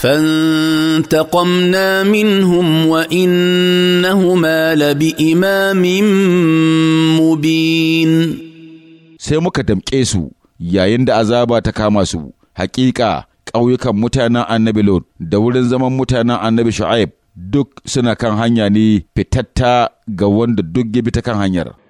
فانتقمنا منهم وانهما لبامام مبين sai muka damƙe su yayin da azaba ta kama su hakika ƙauyukan mutanen annabi lod da wurin zaman mutanen annabi shu'aib duk suna kan hanya ne fitatta ga wanda duk ya bi ta kan hanyar